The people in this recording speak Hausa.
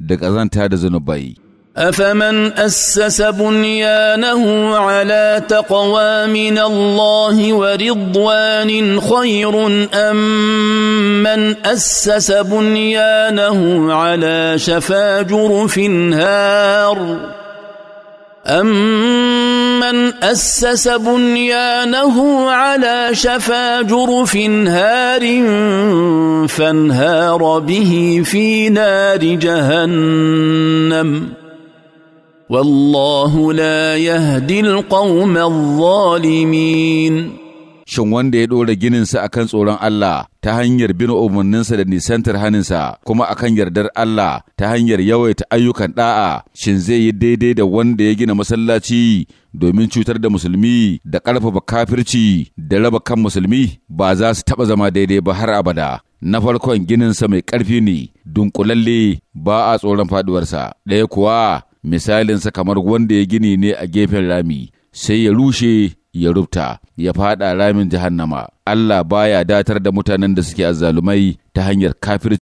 da zunubai. أفمن أسس بنيانه على تقوى من الله ورضوان خير أم من أسس بنيانه على شفا جرف هار أم من أسس بنيانه على شفا جرف هار فانهار به في نار جهنم والله لا يهدي القوم الظالمين shin wanda ya ɗora ginin gininsa akan tsoron Allah ta hanyar bin umarninsa da nisantar haninsa kuma akan yardar Allah ta hanyar yawaita ayyukan ɗa'a shin zai yi daidai da wanda ya gina masallaci domin cutar da musulmi da ƙarfafa kafirci da raba kan musulmi ba za su taɓa zama daidai ba har abada na farkon gininsa mai ƙarfi ne dunkulalle ba a tsoron faduwarsa ɗaya kuwa misalinsa kamar wanda ya gini ne a gefen rami sai ya rushe ya rubta ya fada ramin jahannama Allah baya datar da mutanen da suke azzalumai ta hanyar kafirci